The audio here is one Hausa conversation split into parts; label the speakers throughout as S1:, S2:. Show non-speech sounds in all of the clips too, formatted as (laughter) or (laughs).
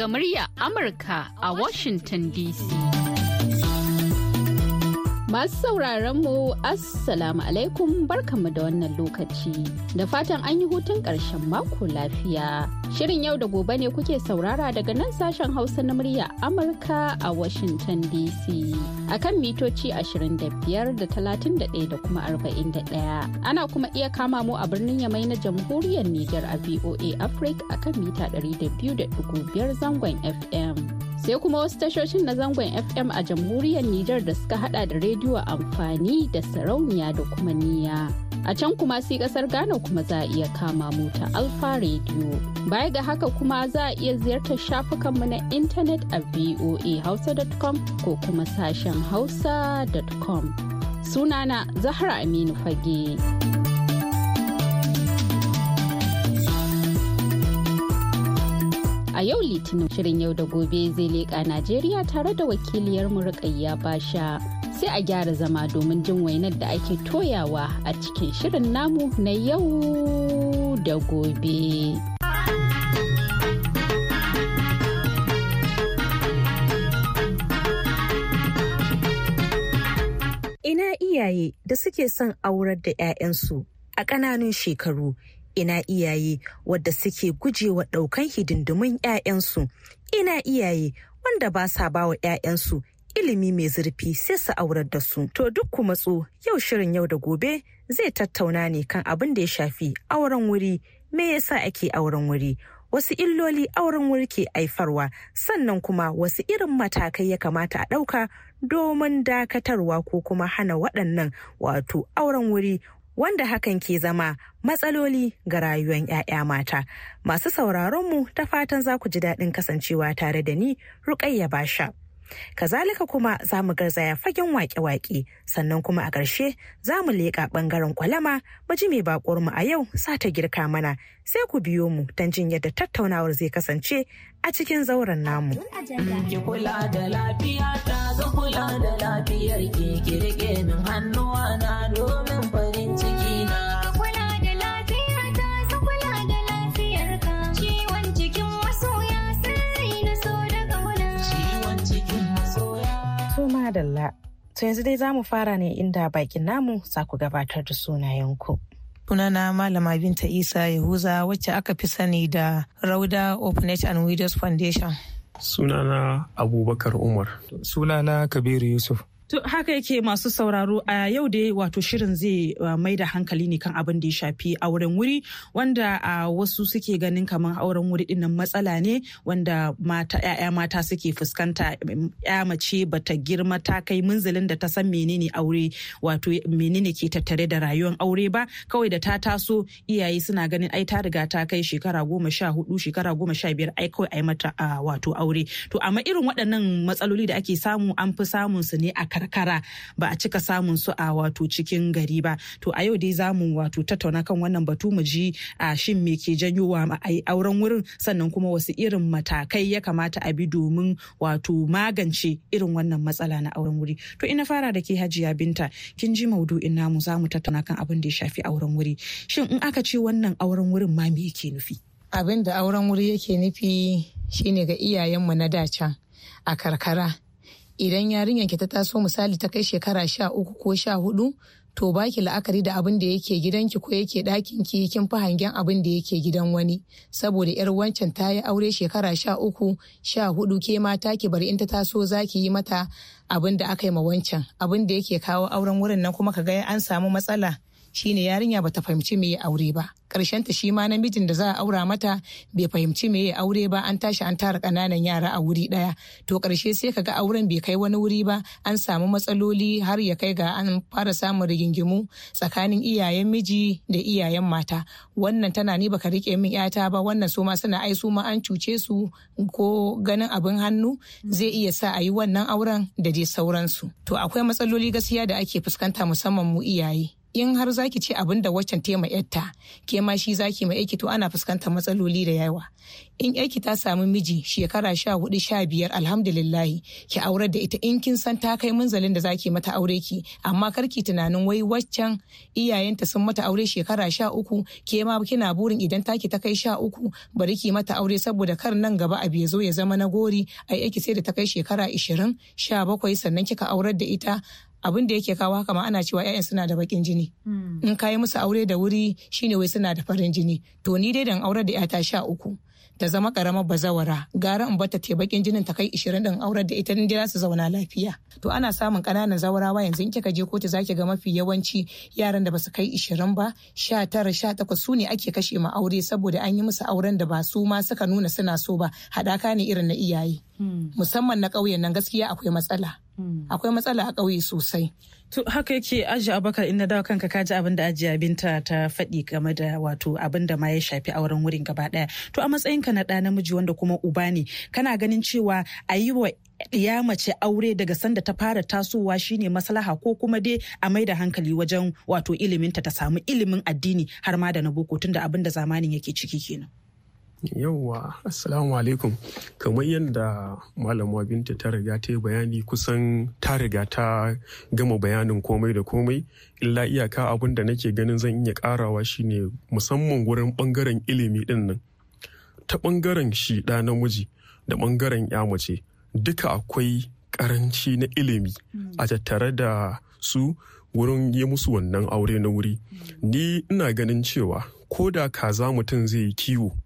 S1: daga Amurka a Washington DC. Masu sauraron mu Assalamu alaikum barkanmu da wannan lokaci. Da fatan an yi hutun ƙarshen mako lafiya. Shirin yau da gobe ne kuke saurara daga nan sashen Hausa na murya Amurka a Washington DC. A kan mitoci 25 da 31 da kuma 41. Ana kuma iya kama mu a birnin Yamai na Jamhuriyar Nijar a VOA Africa a kan mita 200.5 zangon FM. sai kuma wasu tashoshin na zangon fm a jamhuriyar nijar da suka hada da rediyo amfani da sarauniya da kuma niya a can kuma sai kasar ghana kuma za a iya kama mu ta alfa radio baya ga haka kuma za a iya ziyartar shafukanmu na intanet a voahausa.com ko kuma sashen hausa.com sunana zahra aminu fage. a yau litinin shirin yau da gobe zai leƙa Najeriya tare da wakiliyar mu Rukayya Basha. Sai a gyara zama domin jin wainar da ake toyawa a cikin shirin namu na yau da gobe.
S2: Ina iyaye da suke son aurar da 'ya'yansu a ƙananun shekaru ina iyaye wadda suke gujewa ɗaukan hidindimin 'ya'yansu ina iyaye wanda ba sa ba wa 'ya'yansu ilimi mai zurfi sai su aurar da su to duk ku matso yau shirin yau da gobe zai tattauna ne kan abin da ya shafi auren wuri me yasa ake auren wuri wasu illoli auren wuri ke aifarwa sannan kuma wasu irin matakai ya kamata a ɗauka domin dakatarwa ko kuma hana waɗannan wato auren wuri wanda hakan ke zama matsaloli ga rayuwar 'ya'ya mata. Masu sauraronmu ta fatan za ku ji daɗin kasancewa tare da ni Rukayya sha, Kazalika kuma za mu garzaya fagen waƙe-waƙe, sannan kuma a ƙarshe za mu leƙa ɓangaren kwalama mu ji mai mu a yau sa ta girka mana sai ku biyo mu don jin yadda tattaunawar zai kasance a cikin zauren namu.
S1: kula da lafiya ta kula da lafiyar ki hannuwa na domin
S2: madalla. To yanzu dai za mu fara ne inda bakin namu za ku gabatar da sunayenku. sunana malama binta isa
S3: yahuza wacce aka fi sani da rauda openet and widows foundation
S4: sunana
S5: abubakar umar sunana kabiru yusuf
S2: To haka yake masu sauraro a yau dai wato shirin zai uh, mai da hankali ne kan abin da ya shafi auren wuri wanda a wasu suke ganin kamar auren wuri dinnan matsala ne wanda mata ya'ya mata suke fuskanta ya mace bata girma ta kai munzalin da ta san menene aure wato menene ke tattare da rayuwar aure ba kawai da ta taso iyaye suna ganin ai ta riga ta kai shekara goma sha hudu shekara goma sha biyar ai kawai ai mata wato aure to amma irin waɗannan matsaloli da ake samu an fi samun su ne a karkara ba a cika samun su a wato cikin gari ba to a yau dai zamu wato tattauna kan wannan batu mu ji a shin me ke janyo wa auren wurin sannan kuma wasu irin matakai ya kamata a bi domin wato magance irin wannan matsala na auren wuri to ina fara da ke hajiya binta kin ji maudu'in namu zamu tattauna kan abin da ya shafi auren wuri shin in aka ce wannan auren wurin ma me yake nufi abin da auren wuri yake nufi shine ga iyayenmu na dace
S3: a karkara idan yarinyar ki ta taso misali ta kai shekara sha uku ko sha hudu to baki la'akari da abin da yake gidanki ko yake ɗakin ki kin fi hangen abin da yake gidan wani saboda yar wancan ta yi aure shekara sha uku sha hudu ke mata ki bari in ta taso za ki yi mata abin da aka yi ma wancan abin da yake kawo auren wurin nan kuma ka ga an samu matsala shine yarinya ba ta fahimci me aure ba ta shi ma namijin da za a aura mata bai fahimci me aure ba an tashi an tara kananan yara a wuri daya to karshe sai kaga auren bai kai wani wuri ba an samu matsaloli har ya kai ga an fara samun rigingimu tsakanin iyayen miji da iyayen mata wannan tana ni baka rike min yata ba wannan su ma suna ai su ma an cuce su ko ganin abin hannu zai iya sa a yi wannan auren da dai sauransu to akwai matsaloli gaskiya da ake fuskanta musamman mu iyaye in har zaki ce abin da waccan tema yarta ke ma shi zaki ma yaki to ana fuskantar matsaloli da yawa in yaki ta samu miji shekara sha hudu sha biyar alhamdulillahi ki aure da ita in kin san ta kai munzalin da zaki mata aure ki amma kar ki tunanin wai waccan iyayenta sun mata aure shekara sha uku ke ma kina burin idan taki ta kai sha uku bari ki mata aure saboda kar nan gaba a zo ya zama na gori ai yaki sai da ta kai shekara ishirin sha bakwai sannan kika aurar da ita abin da yake kawo haka ma ana cewa 'ya'yan suna da bakin jini hmm. in kayi musu aure da wuri shine wai suna da farin jini to ni dai dan aure da 'yata sha uku ta zama karamar bazawara gara in bata te bakin jinin ta kai ishirin din aurar da ita inda su zauna lafiya to ana samun kananan zawarawa yanzu in kika je kotu zaki ga mafi yawanci yaran da basu kai ishirin ba sha tara sha takwas su ne ake kashe ma aure saboda an yi musu auren da ba su ma suka nuna suna so ba haɗaka ne irin na iyaye
S2: hmm. musamman na ƙauyen nan gaskiya akwai matsala Hmm. akwai matsala a ƙauye sosai. To haka yake aji abakar ina dawa kanka kaji abin da ajiya binta ta faɗi game da wato abin da ma ya shafi auren wurin gaba ɗaya. To a matsayinka na ɗa namiji wanda kuma uba ne kana ganin cewa a yi wa ya mace aure daga sanda ta fara tasowa shine maslaha ko kuma dai a mai da hankali wajen wato iliminta ta samu ilimin addini har ma da na boko tunda abin da zamanin yake ciki kenan.
S4: yauwa assalamu alaikum kamar yadda malama binta ta riga ta yi bayani kusan ta riga ta gama bayanin komai da komai illa iyaka abin da nake ganin zan iya karawa shine musamman wurin bangaren ilimi din nan ta bangaren shi da namiji da bangaren ya mace duka akwai karanci na ilimi a tattare da su wurin yi musu wannan aure na wuri ni ina ganin cewa ko da kaza mutum zai yi kiwo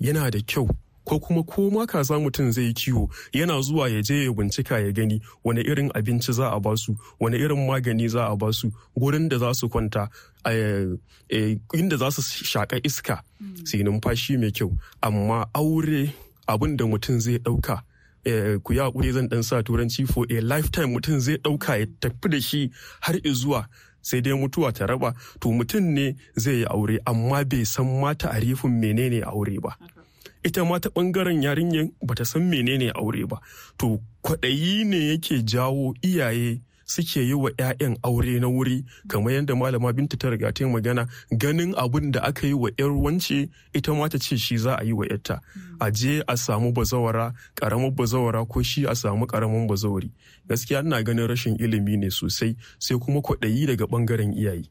S4: yana da kyau ko kuma ko ma kaza mutum zai kiwo yana zuwa ya je ya bincika ya gani wani irin abinci za a basu wani irin magani za a basu gurin da za su kwanta eh, inda za su shaƙa iska mm. su numfashi mai kyau amma aure abin da mutum zai ɗauka eh, ku yi zan ɗan sa turanci for a lifetime mutum zai ɗauka ya tafi da shi har zuwa sai dai mutuwa ta raba to mutum ne zai yi aure amma bai san mata a rifin menene aure ba ita ma ta bangaren yarinyar bata san menene aure ba to kwaɗayi ne yake jawo iyaye suke yi wa 'ya'yan aure na wuri kamar yadda malama binta ta riga ta magana ganin abin da aka yi wa 'yar wance ita ma ta ce shi za a yi wa 'yarta a je a samu bazawara karamin bazawara ko shi a samu karamin bazawari gaskiya ina ganin rashin ilimi ne sosai sai kuma kwaɗayi daga bangaren iyaye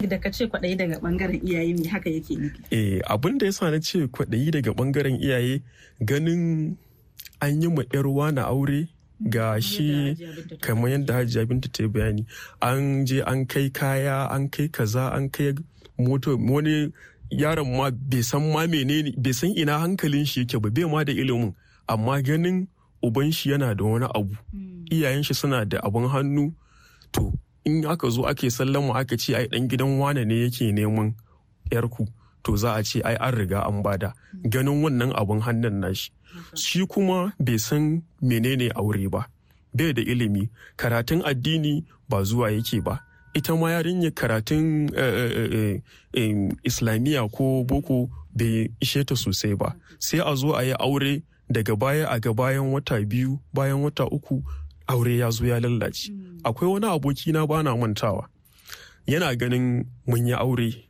S2: da ka ce kwaɗayi daga ɓangaren iyaye ne haka yake nufi?
S4: Eh abinda da yasa na ce kwaɗayi daga ɓangaren iyaye ganin an yi ma 'yar na aure ga shi kamar yadda hajji binta ta bayani an je an kai kaya an kai kaza an kai moto wani yaron ma bai san ma menene bai san ina hankalin shi yake ba bai ma da ilimin amma ganin uban shi yana da wani abu hmm. iyayen shi suna da abin hannu to in aka zo ake sallama aka ce ai dan gidan wane ne yake neman yarku to za a ce ai an riga an bada hmm. ganin wannan abin hannun nashi shi kuma bai san menene aure ba bai da ilimi karatun addini ba zuwa yake ba ita ma yarinya karatun eh, eh, eh, islamiyya ko boko bai ishe ta sosai ba sai a zo a yi aure daga baya a ga bayan wata biyu bayan wata uku aure ya zo ya lallace hmm. akwai wani aboki na bana mantawa yana ganin mun yi aure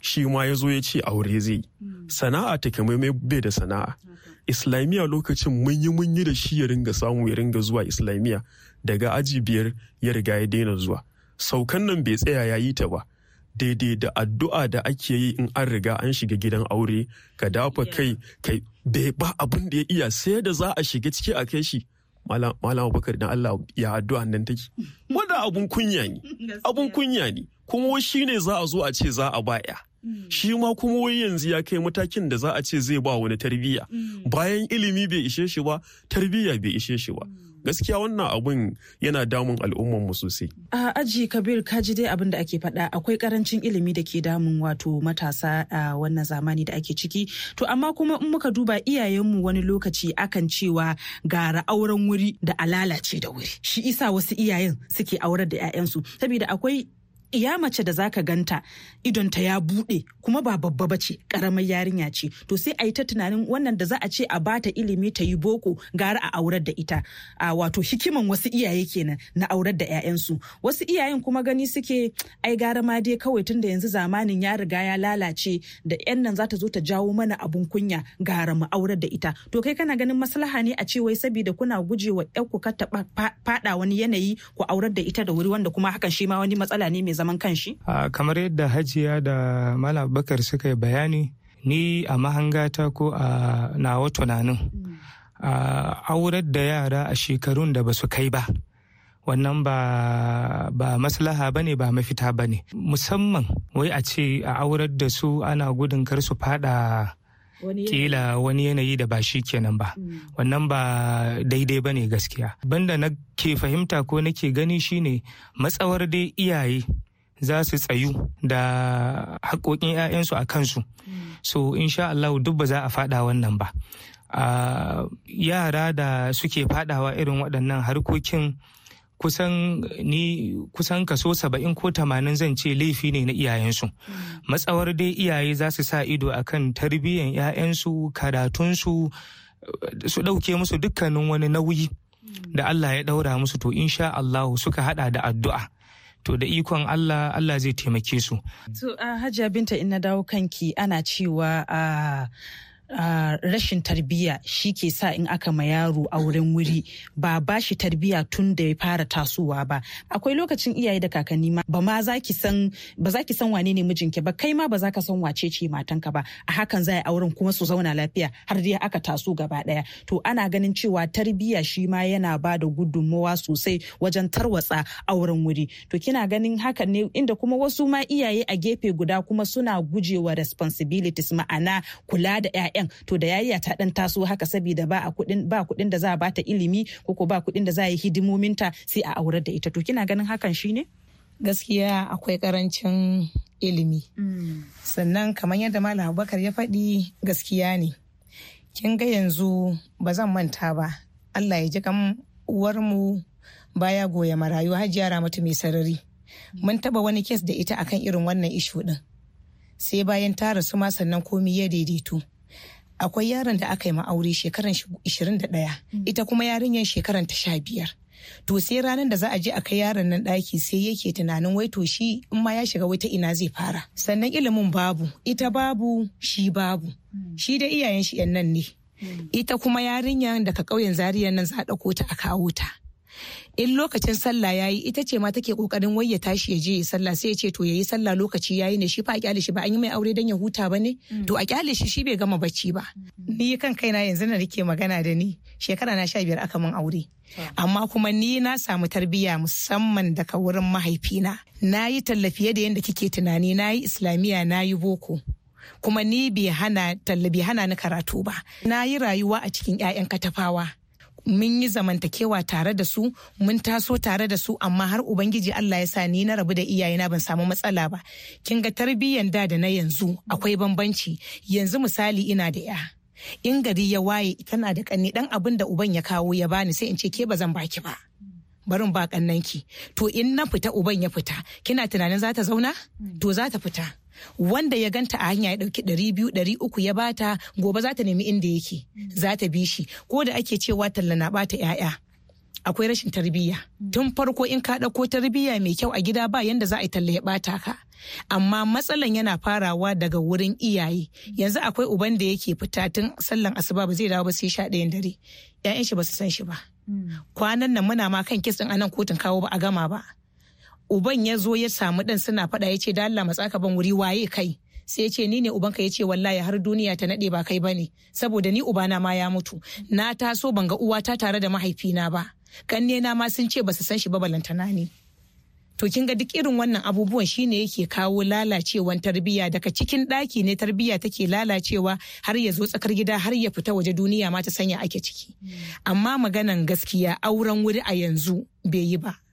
S4: shi ma ya zo ya ce aure zai hmm. sana'a ta kamar bai da sana'a hmm. islamiyya lokacin mun yi mun yi da shi ya ringa samu ya ringa zuwa islamiyya daga aji biyar ya riga ya daina zuwa saukan nan bai tsaya ya yi ta ba daidai da addu'a da ake yi in an riga an shiga gidan aure ka dafa kai kai bai ba abin da ya iya sai da za a shiga ciki a kai shi malam abubakar dan allah ya addu'a nan take wanda abun kunya ne (laughs) abun kunya ne kuma shi ne za a zo a ce za a ba Mm. shi ma kuma wai yanzu ya kai matakin da za a ce zai ba wani tarbiyya mm. bayan ilimi bai ishe shi ba tarbiyya bai ishe shi ba mm. gaskiya wannan abun yana damun al'umman mu sosai.
S2: A aji Kabir kaji dai abin da ake faɗa akwai karancin ilimi da ke damun wato matasa a wannan zamani da ake ciki. To amma kuma in muka duba iyayenmu wani lokaci akan cewa gara auren wuri da alalace da wuri. Shi isa wasu iyayen suke aurar da 'ya'yansu saboda akwai iya mace da zaka ganta idon ta ya bude kuma ba babba ba ce karamar yarinya ce to sai a yi ta tunanin wannan da za a ce a bata ilimi ta yi boko gara a aurar da ita a wato hikiman wasu iyaye kenan na aurar da 'ya'yansu wasu iyayen kuma gani suke ai gara ma dai kawai tunda yanzu zamanin ya riga ya lalace da 'yan nan za ta zo ta jawo mana abun kunya gara mu aurar da ita to kai kana ganin maslaha ne a ce wai saboda kuna gujewa ƴar ku ka taɓa faɗa wani yanayi ku aurar da ita da wuri wanda kuma hakan shi ma wani matsala ne mai zaman kanshi?
S5: Kamar yadda Hajiya da Malam Bakar suka yi bayani, ni a mahangata ko a nawa tunanin. A Aurar da yara a shekarun da ba su kai ba. wannan ba ba maslaha bane ba mafita bane musamman wai a ce a aurar da su ana gudun kar su fada kila wani yanayi da ba shi kenan ba mm. wannan ba daidai ba ne gaskiya banda na ke fahimta ko nake gani shine matsawar dai iyaye za su tsayu da haƙoƙin 'ya'yansu a kansu so insha Allah duk ba za a faɗa wannan ba yara da suke faɗawa irin waɗannan harkokin kusan ni kusan kaso saba'in ko tamanin zan ce laifi ne na iyayensu matsawar dai iyaye za su sa ido akan tarbiyyar 'ya'yansu karatunsu su ɗauke musu dukkanin wani nauyi da Allah ya ɗaura musu to insha Allah suka hada da addu'a to da ikon Allah Allah zai taimake su.
S2: To Hajiya Binta in na dawo kanki ana cewa a ah, rashin tarbiyya shi ke sa in aka ma yaro auren wuri ba ba shi tarbiyya tun da ya fara tasowa ba akwai lokacin iyaye da kakanni ma ba ma za san ba za ki san wane ne mijinki ba kai ma ba za ka san wace ce matanka ba a hakan za a auren kuma su zauna lafiya har dai aka taso gaba daya to ana ganin cewa tarbiyya shi ma yana ba da gudunmawa sosai wajen tarwatsa auren wuri to kina ganin hakan ne inda kuma wasu ma iyaye a gefe guda kuma suna gujewa responsibilities ma'ana kula da 'ya'yan to da yayi ta dan taso haka saboda ba kuɗin ba kuɗin da za a bata ilimi ko ko ba kuɗin da za a yi ta sai a aure da ita to kina ganin hakan shine
S3: gaskiya akwai karancin ilimi mm. sannan kamar yadda malam abubakar ya faɗi gaskiya ne kin ga yanzu ba zan manta ba allah ya ji kan uwarmu baya goya marayu hajiya ramatu mai sarari mun taba wani kes da ita akan irin wannan ishu din sai bayan ta rasu ma sannan komi ya daidaito akwai yaron da aka yi ma'aure shekaran 21 mm. ita kuma yarinyar shekaran ta 15 to sai ranar da za a je a kai yaron nan ɗaki sai yake tunanin wai to shi in ma ya shiga wata ina zai fara sannan ilimin babu ita babu shi babu mm. shi da iyayen shi yan nan ne mm. ita kuma yarinyar daga ƙauyen zariyar nan za a ɗauko ta a kawo ta in lokacin sallah yayi ita ce ma take kokarin wai ya tashi ya je ya sallah sai ya ce to yayi sallah lokaci yayi ne shi fa a kyale shi ba an yi mai aure dan ya huta ba ne. Mm. to a kyale shi shi bai gama bacci ba mm. ni kan kaina yanzu na rike magana da ni shekara na sha biyar aka min aure amma kuma ni na samu tarbiyya musamman daga wurin mahaifina na yi tallafiye da yadda kike tunani na yi islamiyya na yi boko kuma ni bai hana tallabi hana ni karatu ba na yi rayuwa a cikin 'ya'yan katafawa mun yi zamantakewa tare da su mun taso tare da su amma har ubangiji Allah ya sa ni na rabu da iyayena ban samu matsala ba kin ga tarbiyyan da da na yanzu akwai bambanci yanzu misali ina da ya in gari ya waye tana da kanni dan abin da uban ya kawo ya bani sai in ce ke bazan baki ba barin ba ki to in na fita uban ya fita kina tunanin za ta zauna hmm. to za ta fita wanda ya ganta a hanya ya dauki ɗari biyu ɗari uku ya bata gobe za ta nemi inda yake hmm. za ta bi shi ko da ake cewa talla na bata 'ya'ya akwai rashin tarbiyya hmm. tun farko in ka ɗauko tarbiyya mai kyau a gida ba yanda za a yi talla ya bata ka amma matsalan yana farawa daga wurin iyaye yanzu akwai uban da yake fita tun sallan asuba ba zai dawo ba sai sha ɗayan dare Ƴaƴan shi ba su san shi ba kwanan nan muna ma kan kisan anan kotun kawo ba a gama ba uban ya zo ya samu dan suna faɗa ya ce da Allah matsaka ban wuri waye kai sai ya ce ni ne ubanka ya ce wallahi har duniya ta naɗe ba kai bane saboda ni ubana ma ya mutu na taso ban ga uwata tare da mahaifina ba kanne na ma sun ce basu san shi ba balantana ne to kin ga duk irin wannan abubuwan shine yake kawo lalacewan tarbiyya daga cikin ɗaki ne tarbiyya take lalacewa har ya zo tsakar gida har ya fita waje duniya ma ta sanya ake ciki hmm. amma maganan gaskiya auren wuri a yanzu bai yi ba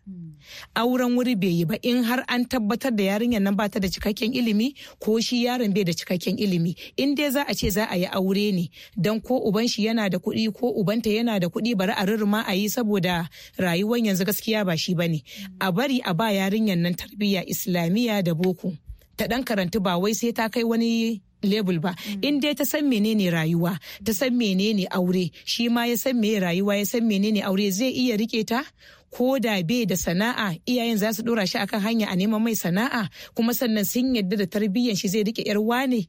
S3: auren wuri bai yi ba in har an tabbatar da yarinyar nan bata da cikakken ilimi ko shi yaron bai da cikakken ilimi in dai za a ce za a yi aure ne don ko uban shi yana da kuɗi ko ubanta yana da kuɗi bari a rurruma a yi saboda rayuwar yanzu gaskiya ba shi bane a bari a ba yarinyar nan tarbiyya islamiyya da boko ta dan karantu ba wai sai ta kai wani lebul ba mm. in dai ta san menene rayuwa ta san menene aure shi ma ya san me rayuwa ya san menene aure zai iya rike ta ko da bai da sana'a iyayen za su dora shi akan hanya a neman mai sana'a kuma sannan sun yarda da tarbiyyar shi zai rike yar wane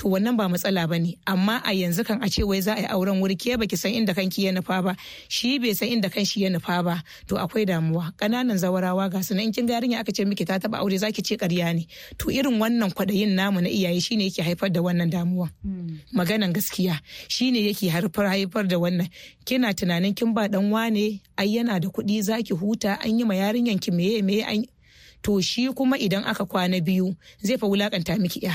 S3: to wannan ba matsala ba ne amma a yanzu kan a ce wai za a yi auren wuri ke baki san inda kanki ya nufa ba shi bai san inda kanshi ya nufa ba to akwai damuwa ƙananan zawarawa ga sunan in kin ga yarinya aka ce miki ta taba aure zaki ce ƙarya ne to irin wannan kwadayin namu na iyaye shine yake haifar da wannan damuwa hmm. maganan gaskiya shine yake haifar haifar da wannan kina tunanin kin ba dan wane ai yana da kuɗi zaki huta an yi ma yarinyan ki meye meye an to shi kuma idan aka kwana biyu zai fa wulakanta miki ya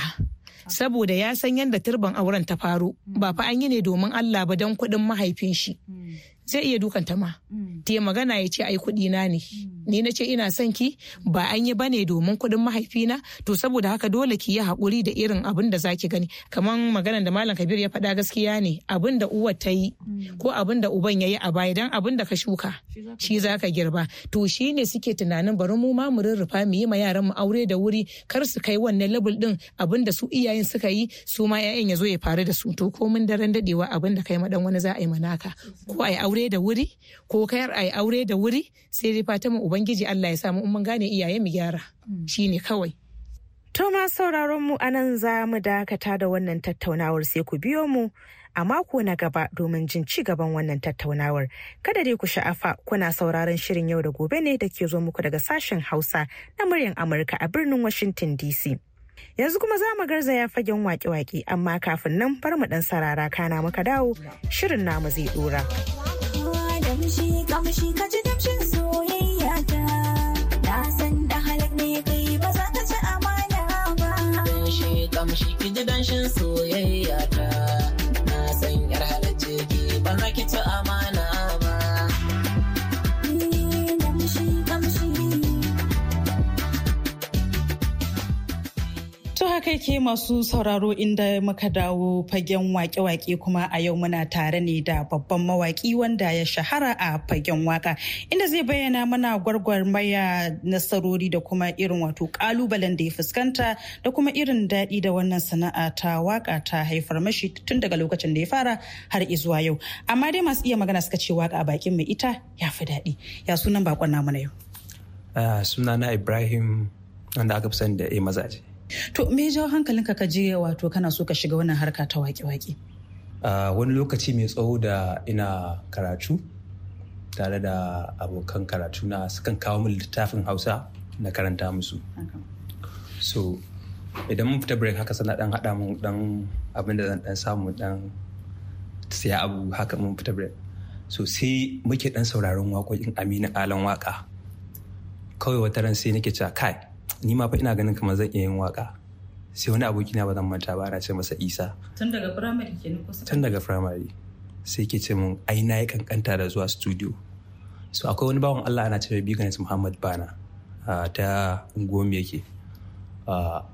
S3: saboda ya san yadda turban auren ta faru ba fa an yi ne domin Allah ba don kuɗin mahaifin shi hmm. zai iya dukan ta ma mm. ta magana ya ce ai kuɗi na ne mm. ni na ce ina son ki ba an yi bane domin kuɗin mahaifina to saboda haka dole ki yi haƙuri da irin abin da zaki gani kamar maganar da malam kabir ya faɗa gaskiya ne abin da uwa ta yi mm. ko abin da uban ya yi a baya Don abin da ka shuka shi za ka girba to shi ne suke tunanin bari mu ma mu rurrufa mu yi ma yaran mu aure da wuri kar su kai wannan level ɗin. abin da su iyayen suka yi su ma 'ya'yan ya zo ya faru da su to komin daren daɗewa abin da kai ma ɗan wani za a yi manaka ko a yi aure aure da wuri ko kayar ai aure da wuri sai dai fata mu ubangiji Allah ya samu mun gane iyaye mu gyara mm. shine kawai
S2: to ma sauraron mu anan za mu dakata da wannan tattaunawar sai ku biyo mu a mako na gaba domin jin ci gaban wannan tattaunawar. Kada dai ku sha'afa kuna sauraron shirin yau da gobe ne da ke zo muku daga sashen Hausa na muryar Amurka a birnin Washington DC. Yanzu kuma za mu garzaya fagen wake-wake amma kafin nan bar mu dan sarara kana muka dawo shirin namu zai dora.
S6: Kamshi ki ji danshin
S3: soyayya ta.
S2: kai ke masu sauraro inda muka dawo fagen wake-wake kuma a yau muna tare ne da babban mawaki wanda ya shahara a fagen waka inda zai bayyana mana gwargwarmaya nasarori da kuma irin wato kalubalen da ya fuskanta da kuma irin daɗi da wannan sana'a ta waka ta haifar mashi tun daga lokacin da ya fara har izuwa yau amma dai masu iya magana suka ce waka a bakin mai ita ya fi daɗi ya sunan bakon namu na yau
S6: ah, sunana ibrahim wanda aka fi sani da a mazaje
S2: To me jawo hankalin ka je wato kana so ka shiga wannan harka ta waƙe-waƙe?
S6: wani lokaci mai tsawo da ina karatu tare da abokan karatu na sukan kawo min littafin hausa na karanta musu. So idan mun fita break haka sana dan haɗa mun dan abin zan dan samu dan siya abu haka mun fita break. So sai muke dan sauraron wakokin Aminu Alan waka. Kawai wata ran sai nake cewa kai ni ma fa ina ganin kamar zan iya yin waka sai wani abokina na ba zan manta ba ana ce masa isa
S2: tun daga firamare ke kusa. tun
S6: daga firamare sai ke ce mun ai na yi kankanta da zuwa studio so akwai wani bawan Allah ana mai biganet Muhammad Bana ta unguwar yake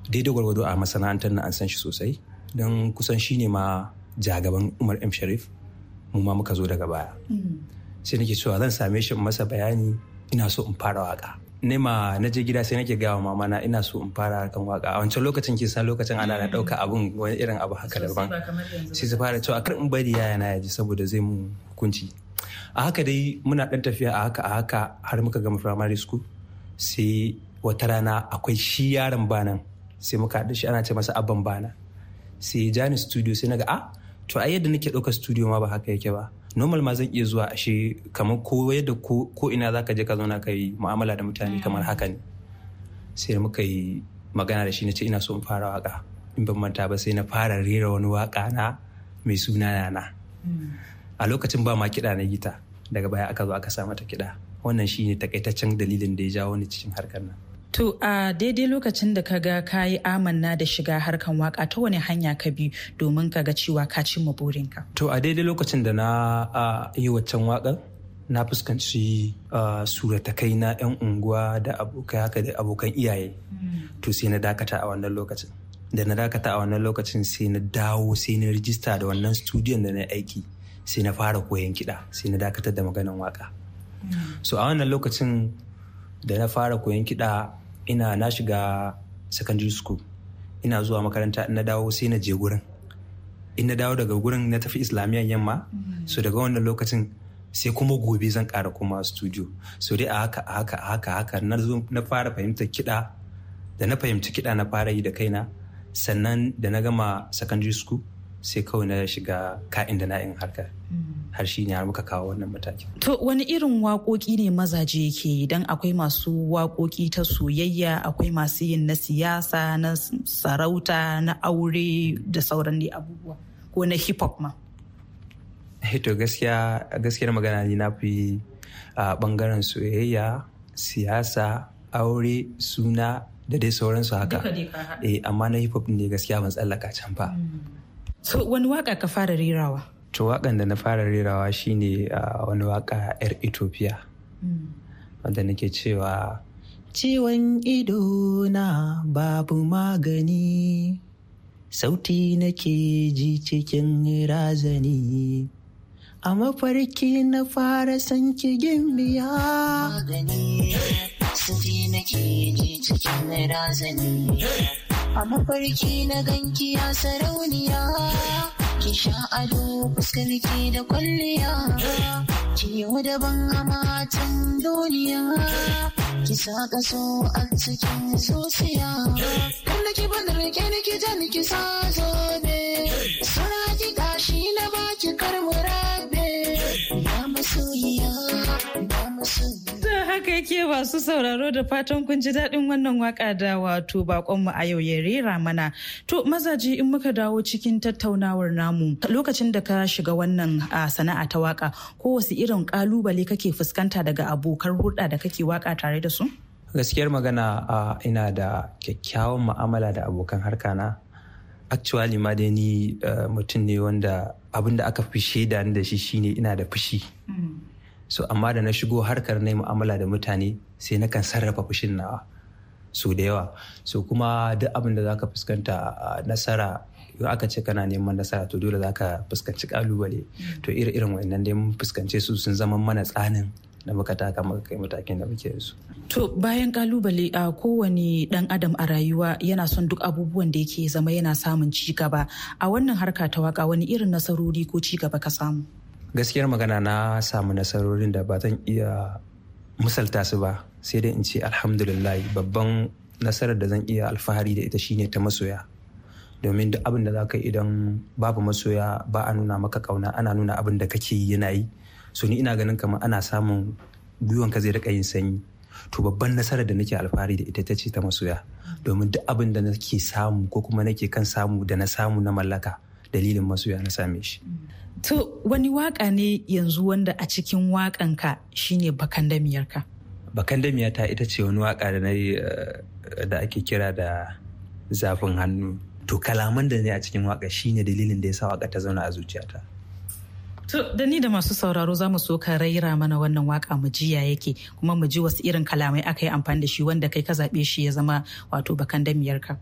S6: daidai gwargwado a masana'antar na an san shi sosai don kusan shi ne ma jagaban Umar M Sharif mu ma muka zo daga baya mm. sai nake cewa zan same shi masa bayani ina so in fara waka nema na je gida sai nake gawa mama na ina so in fara harkan waka a wancan lokacin kin san lokacin ana na dauka abun wani irin abu haka daban sai su fara cewa kar in bari yaya na yaji saboda zai mu hukunci a haka dai muna dan tafiya a haka a haka har muka gama primary school sai wata rana akwai shi yaron banan sai muka haɗu shi ana ce masa abban bana sai ja ni studio sai ga a ah, to a yadda nake ɗauka studio ma ba haka yake ba normal ma zan iya zuwa ashe kamar ko yadda ko ina za ka je ka zauna ka yi mu'amala da mutane mm. kamar haka ne sai muka yi magana da shi na ce ina so in fara waka in ban manta ba sai na fara rera wani waka na mai suna na
S5: mm.
S6: a lokacin ba ma kiɗa na gita daga baya aka zo aka sa mata kiɗa wannan shi ne takaitaccen dalilin da ya jawo ni cikin harkar nan To
S2: a daidai lokacin da ka ga ka yi amanna da shiga harkan waka ta wani hanya ka bi domin ka ga cewa ka cimma burinka?
S6: To a daidai lokacin da na yi waccan waƙar na fuskanci suratakai na 'yan unguwa da abokai haka da abokan iyaye.
S7: Mm.
S6: To sai na dakata a wannan lokacin. Da na dakata a wannan lokacin sai na dawo sai na rijista da wannan studio da na aiki sai na fara koyon kiɗa sai na dakatar da maganan waka. Mm. So a wannan lokacin da na fara koyon kiɗa ina na shiga secondary school ina zuwa makaranta na dawo sai na je gurin in na dawo daga gurin na tafi islamiyan yamma mm-hmm. so daga wannan lokacin sai kuma gobe zan kara kuma studio so dai a haka a haka a haka haka na fara fahimtar kiɗa da na fahimci kiɗa na fara yi da kaina sannan da na gama secondary school sai kawai na shiga ka'in da na'in harka hmm. har shi ne har muka kawo wannan matakin.
S2: To wani irin waƙoƙi ne mazaje ke yi don akwai masu waƙoƙi ta soyayya akwai masu yin na siyasa na sarauta na aure da sauran ne abubuwa ko na hip hop ma.
S6: Eh, to gaskiya gaskiyar magana ne na fi a bangaren soyayya siyasa aure suna da dai sauransu haka. eh amma na hip hop ne gaskiya ban tsallaka can ba. Hmm.
S2: So wani waka ka fara rerawa?
S6: To wakan da na fara rerawa shine ne wani waka 'yar Ethiopia. Wanda nake cewa Ciwon ido na babu magani, sauti nake ji cikin razani. A mafarki na fara san kigin biya. Magani, sauti nake ji
S1: cikin razani. a mafarki na ganki ya sarauniya ki sha ado fuskarki da kwalliya ki yau ban a matan duniya ki sa kaso a cikin zuciya kan ki bandar rike ni ki jan ki sa zobe
S7: suna ki gashi na baki karmurabe na masoyiya na masoyiya
S2: haka yake masu sauraro da fatan kun ji daɗin wannan waka da wato bakonmu a yau ya rera mana. To mazaji in muka dawo cikin tattaunawar namu lokacin da ka shiga wannan sana'a ta waka ko wasu irin kalubale kake fuskanta daga abokan hulɗa da kake waka tare da su?
S6: Gaskiyar magana ina da kyakkyawan ma'amala da abokan harka na. Actually ma dai ni eh, mutum ne wanda abin da aka fi shaida da shi shine ina da fushi. Mm. so amma da na shigo harkar na mu'amala da mutane sai na kan sarrafa fushin nawa su da yawa so kuma duk abin da za ka fuskanta nasara yau aka ce kana neman nasara to dole za ka fuskanci kalubale to irin wa'annan da mun fuskance su sun zama mana tsanin da muka taka muka kai matakin da muke su.
S2: To bayan kalubale a kowane dan adam a rayuwa yana son duk abubuwan da yake zama yana samun ci gaba a wannan harka ta waka wani irin nasarori ko ci gaba ka samu.
S6: gaskiyar magana na samu nasarorin da ba zan iya misalta su ba sai dai in ce alhamdulillah babban nasarar da zan iya alfahari da ita shine ta masoya domin duk abin da za ka idan babu masoya ba a nuna maka kauna ana nuna abin da kake yi yana yi so ni ina ganin kamar ana samun gwiwan ka zai rika yin sanyi to babban nasarar da nake alfahari da ita ta ce ta masoya domin duk abin da nake samu ko kuma nake kan samu da na samu na mallaka dalilin masoya na same shi
S2: to wani waka ne yanzu wanda a cikin wakanka shine bakandamiyarka
S6: bakandamiya ta ita ce wani waka da eh, da ake kira da zafin hannu to kalaman da ne a cikin waka shine dalilin da ya sa waka ta zauna a zuciyata
S2: To da ni da masu sauraro za mu so ka raira mana wannan waka mu ji ya yake kuma mu ji wasu irin kalamai aka yi amfani da shi wanda kai ka zaɓe shi ya zama wato bakandamiyarka damiyarka.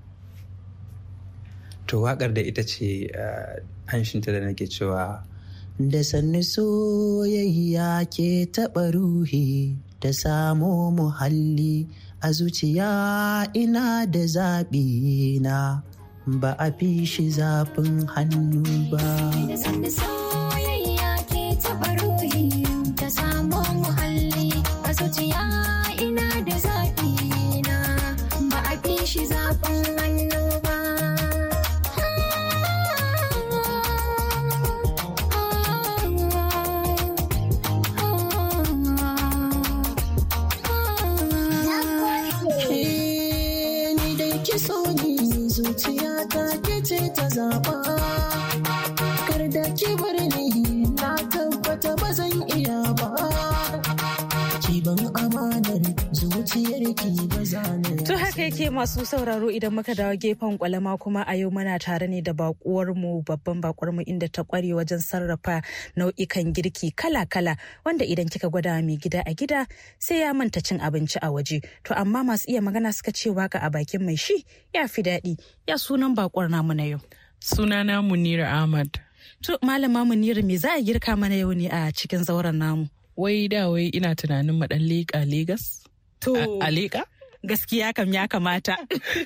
S6: to waƙar da ita ce eh, hanshinta da nake cewa da sannu soyayya ke taɓa ruhi da samo muhalli a zuciya ina da zaɓi na ba a fi shi zafin hannu ba.
S2: To haka yake masu sauraro idan muka dawo gefen kwalama kuma a yau muna tare ne da bakuwar mu babban mu inda ta kware wajen sarrafa nau'ikan girki kala-kala wanda idan kika gwada mai gida a gida sai ya manta cin abinci a waje. To amma masu iya magana suka ce waka a bakin mai shi ya fi daɗi ya sunan bakuwar namu na yau. Sunana Munira Ahmad. To malama Munira me za a girka mana yau ne a cikin zauren namu? Wai
S7: da wai ina tunanin maɗan leƙa Legas. To. Alika? gaskiya kam ya kamata.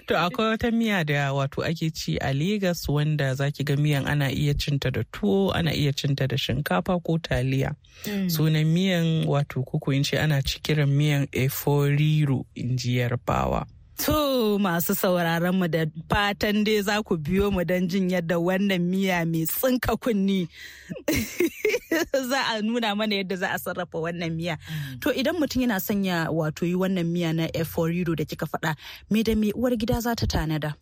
S7: to akwai wata miya da wato ake ci a Legas wanda zaki ga miyan ana iya cinta da tuwo ana iya cinta da shinkafa ko taliya. Mm. Sunan miyan wato kuku in ce ana kiran miyan eforiro in ji yarbawa.
S2: To masu sauraron mu da fatan dai za ku biyo mu don jin yadda wannan miya mai tsinka kunni (laughs) za a nuna mana yadda za a sarrafa wannan miya. Mm. To idan mutum yana sanya wato yi wannan miya na eforido da kika faɗa, me da me uwar gida za ta tanada?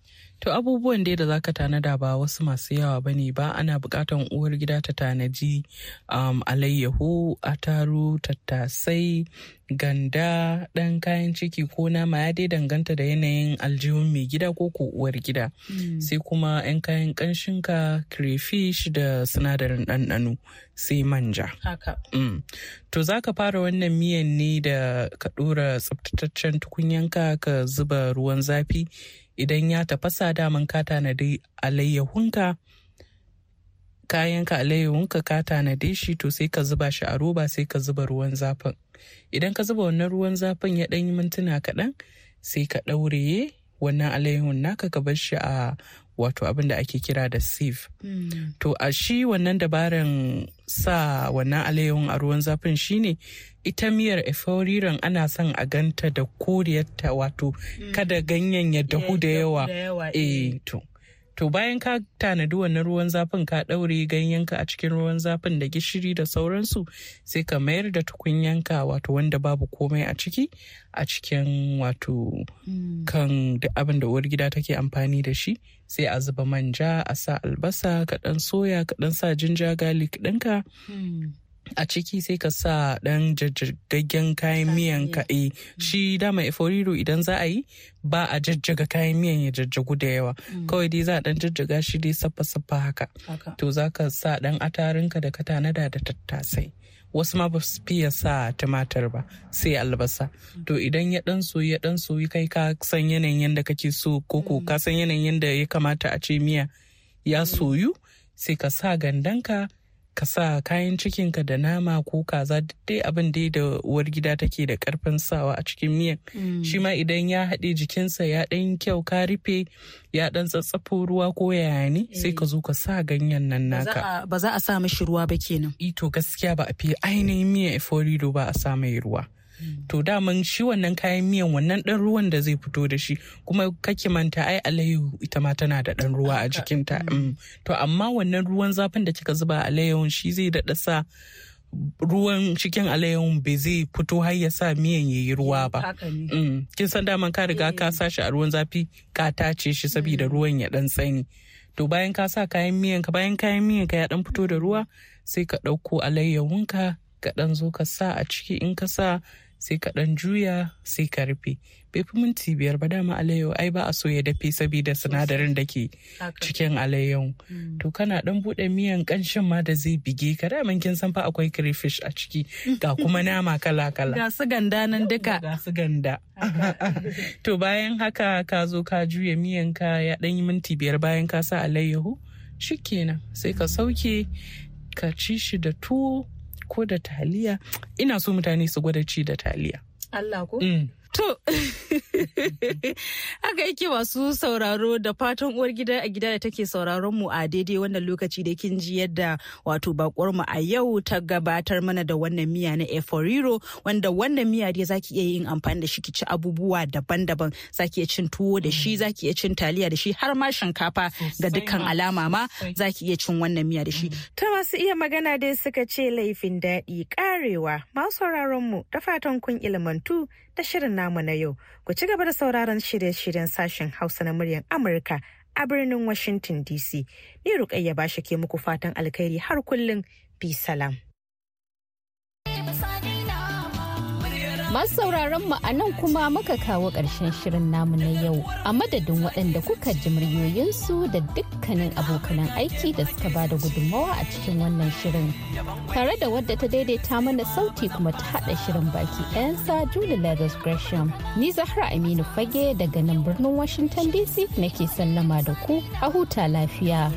S7: To abubuwan dai da ka tanada ba wasu masu yawa ba ne ba ana bukatan uwar gida ta tanaji um, alayyahu, ataru, tattasai, ganda, ɗan kayan ciki ko nama ya dai danganta da yanayin aljihun mai gida ko ko uwar gida. Mm. Sai kuma 'yan kayan ƙanshinka, crayfish da sinadarin ɗanɗano sai manja. Haka. Mm. To zaka fara wannan miyan ne da ka ɗora tsaftataccen tukunyanka ka zuba ruwan zafi. idan ya tafasa daman ka tanadi alayyahunka kayanka alayyahunka ka tanade shi to sai ka zuba shi a roba sai ka zuba ruwan zafin idan ka zuba wannan ruwan zafin ya ɗan yi mintuna kaɗan sai ka ɗauraye wannan alayyahun naka ka bar shi a wato abin da ake kira da sieve hmm. to a shi wannan dabaran sa wannan alayyahun a ruwan zafin shine ita miyar eforiron ana son a ganta da koriyarta wato mm. kada ganyen ya dahu da yawa eh, eh. to bayan ka tanadi wannan ruwan zafin ka ɗaure ganyenka a cikin ruwan zafin da gishiri da sauransu sai ka mayar da tukunyanka wato wanda babu komai a ciki a cikin wato mm. kan da abin da uwar gida take amfani da shi sai a zuba manja a sa albasa ka ɗan soya ka ɗan sa jinja galik ɗinka mm. a ciki sai ka sa ɗan jajjagaggen kayan miyan ka eh, mm. shi dama eforiro idan za a yi ba a jajjaga kayan miyan ya jajjagu da yawa mm. kawai dai za a ɗan jajjaga shi dai saffa-saffa haka to za ka sa ɗan atarinka da ka da tattasai wasu ma ba su fiye sa tumatir ba sai albasa mm. to idan ya dan soyi ya dan soyi kai ka san yanayin yadda kake so ko ko ka san yanayin yadda ya kamata a ce miya ya soyu sai ka sa gandanka ka sa kayan cikinka da nama ko kaza dai abin dai da uwar gida take da karfin sawa a cikin miyan mm. shi ma idan ya haɗe jikinsa ya ɗan kyau ka rufe ya ɗan tsatsafo ruwa ko yaya ne sai eh. ka zo ka sa ganyen nan naka ba za a sa mishi ruwa ba kenan ito gaskiya ba a fi ainihin miyan eforido ba a sa mai ruwa to daman shi wannan kayan miyan wannan ɗan ruwan da zai fito da shi kuma kake manta ai alayyahu ita ma tana da ɗan ruwa a jikinta mm. Mm. to amma wannan ruwan zafin da kika zuba alayyahun shi zai daɗa sa ruwan cikin alayyahun bai zai fito har ya sa miyan ya yi ruwa ba. Mm. Kin san daman ka riga ka eh. sa shi a ruwan zafi ka tace shi saboda ruwan ya dan tsani. To bayan ka sa kayan miyan ka bayan kayan miyan ka ya ɗan fito da ruwa sai ka ɗauko alayyahunka ka dan zo ka sa a ciki in ka sa sai ka ɗan juya sai ka rufe bai fi minti biyar ba dama alayyahu ai ba a so ya dafe saboda sinadarin da ke cikin alayyau mm. to kana ɗan buɗe miyan ƙanshin ma da zai bige ka Da man kin san fa akwai crayfish a ciki ga kuma (laughs) nama kala kala ga su ganda nan duka ga su ganda (laughs) to bayan haka ka zo ka juya miyan ka ya ɗan yi minti biyar bayan ka sa alayyahu shikenan sai ka sauke ka ci shi da tuwo ko da taliya ina so mutane su gwada ci da taliya
S2: Allah ko?
S3: Mm.
S7: To, (laughs)
S2: haka yake masu sauraro da fatan uwar gida a gida da take sauraron mu a daidai wannan lokaci da kin ji yadda wato bakwar mu a yau ta gabatar mana da wannan miya na eforiro wanda wannan miya dai zaki iya yin amfani da shi ki ci abubuwa daban-daban zaki iya cin tuwo da shi mm. zaki iya cin taliya da shi har ma shinkafa ga dukkan alama ma zaki iya cin wannan miya da shi. Mm. Ta masu iya magana dai suka ce laifin daɗi karewa masu sauraron mu da fatan kun ilmantu da shirin namu na yau. Ku ci gaba da sauraron shirye-shiryen sashen Hausa na muryar Amurka a birnin Washington DC. Ni Rukayya ba shi ke muku fatan alkhairi har kullum. Bi salam. Masu sauraron mu a nan kuma muka kawo ƙarshen shirin namu na
S1: yau a madadin waɗanda kuka ji muryoyinsu da dukkanin abokanan aiki da suka ba da gudunmawa a cikin wannan shirin. Tare da wadda ta daidaita mana sauti kuma ta haɗa shirin baki ɗayansa Julie Lagos Gresham. Ni Zahra Aminu Fage daga nan birnin Washington DC nake sallama da ku a huta lafiya.